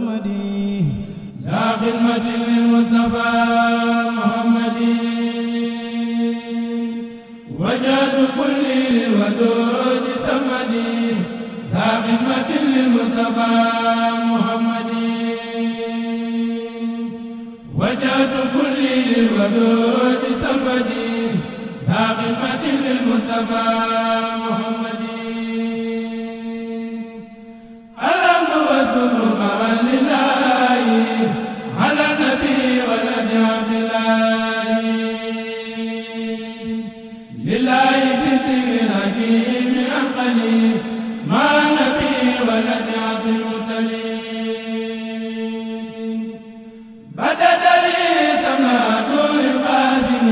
محمدي ذا خدمة للمصطفى محمدي وجاد كل الودود سمدي ذا خدمة للمصطفى محمدي وجاد كل الودود سمدي ذا خدمة للمصطفى لله بذكر الحكيم القليل ما نبي ولد عبد المطلب بدد لي سمات القاسم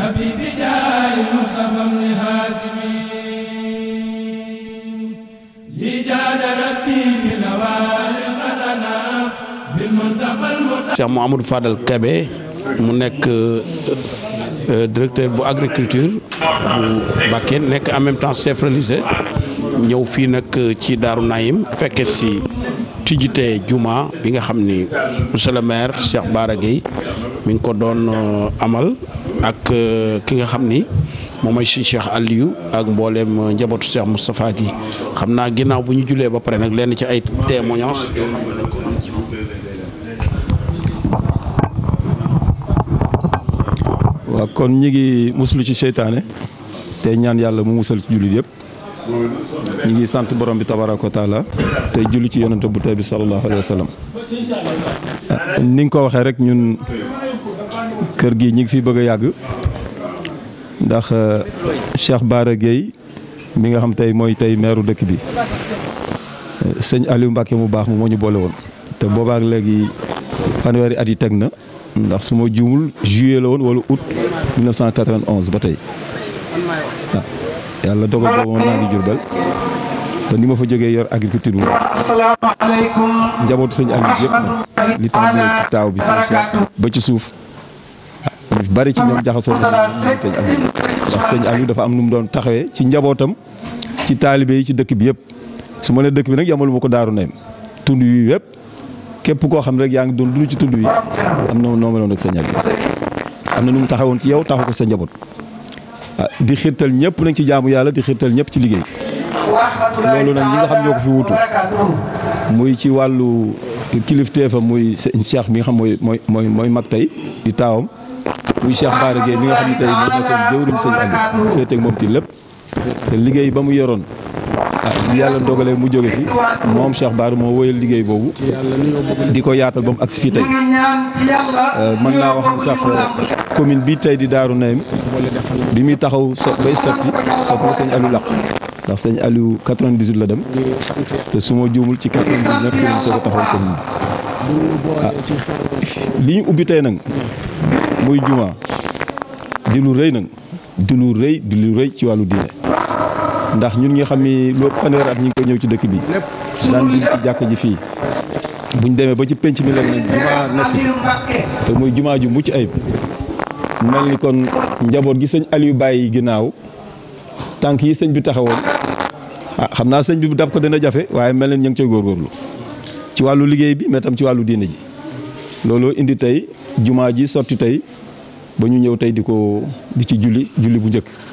نبي بداي مصطفى بن هاسم لجاد ربي بالوالي قد انا بالمنتقى المتقى Cheikh Mouhamadou Fadal Kébé mu nekk euh, euh, directeur bu agriculture bu Mbacké nekk en même temps chef religieux ñëw fii nag euh, ci Daaru Naïm fekkee si tijjite jumaa bi nga xam ni monsieur le maire Cheikh Bara Gueye mi ngi ko doon amal ak ki nga xam ni moom mooy si Cheikh Aliou ak mbooleem njabootu Cheikh Moustapha gi xam naa ginnaaw bu ñu julee ba pare nag lenn ci ay témoignages waaw kon ñi ngi muslu ci seytaane tey ñaan yàlla mu musal ci jullit yëpp ñi ngi sant borom bi tabaraka taala tey julli ci yonente bu tey bi sallallahu alayhi wa ah, ni nga ko waxee rek ñun kër gi ñi ngi fi bëgg a yàgg ndax eh, Cheikh Bara Gueye mi nga xam tey mooy tey meeru dëkk bi eh, sëñ Aliou Mbacke mu baax mu moo ñu boole woon te boobaak léegi fanweeri at yi teg na ndax su ma juumul juillet la woon wala août 1991 ba tey ah, yàlla dogal boobu naa ngi Jurbel ba ni ma fa jógee yor agriculture bu njabootu sëñ Aliou yëpp nag li tax ci taaw bi sëñ Cheikh ba ci suuf ah, bari ci ñoom jaxasoo na sëñ Aliou ndax dafa am nu mu doon taxawee ci njabootam ci taalibe yi ci dëkk bi yëpp su ma nee dëkk bi nag yamalu ma ko daaru neem tund yu yëpp képp koo xam rek yaa ngi doon dund ci tund yi am na noo meloon ak sa ñaar am na nu mu taxawoon ci yow taxu ko sa njaboot ah, di xiirtal ñëpp nañ ci jaamu yàlla di xiirtal ñëpp ci liggéey loolu nag ñi nga xam ñoo ko fi wutu muy ci wàllu kilifteefa muy sëñ Cheikh mi nga xam mooy mooy mooy mooy mag tey di taawam muy Cheikh Mbaare Gueye mi nga xam ne tey moo nekkoon jëwriñ sëñ Aliou féeteeg moom ti lépp te liggéey ba mu yoroon Ah, bi yàlla dogalee mu jóge fi moom Cheikh Bara moo wóyal liggéey boobu di ko yaatal ba ak si fi tey euh, man naa wax ni sax euh, commune bi tey di Daaru Naim bi muy taxaw so bay sotti soog na sëñ Aliou laq ndax sëñ Aliou 98 la dem te su ma juumul ci 99 ci lañ soog a commune bi li ñu ubbi tey nag muy juma di lu rëy nag di lu rëy di lu rëy ci wàllu diine ndax ñun nga xam ni loolu at ñu ngi koy ñëw ci dëkk bi daan julli ci jàkk ji fii buñ demee ba ci penc mi la ne jumaa nekk jumaa ju mucc ayib mel ni kon njaboot gi sëñ Aliou bàyyi ginnaaw tànk yi sëñ bi taxawoon ah xam naa sëñ bi bu dab ko dana jafe waaye mel ni ñu ngi cay góorgóorlu ci wàllu liggéey bi mais tam ci wàllu diine ji looloo indi tey jumaa ji sotti tey ba ñu ñëw tey di ko di ci julli julli bu njëkk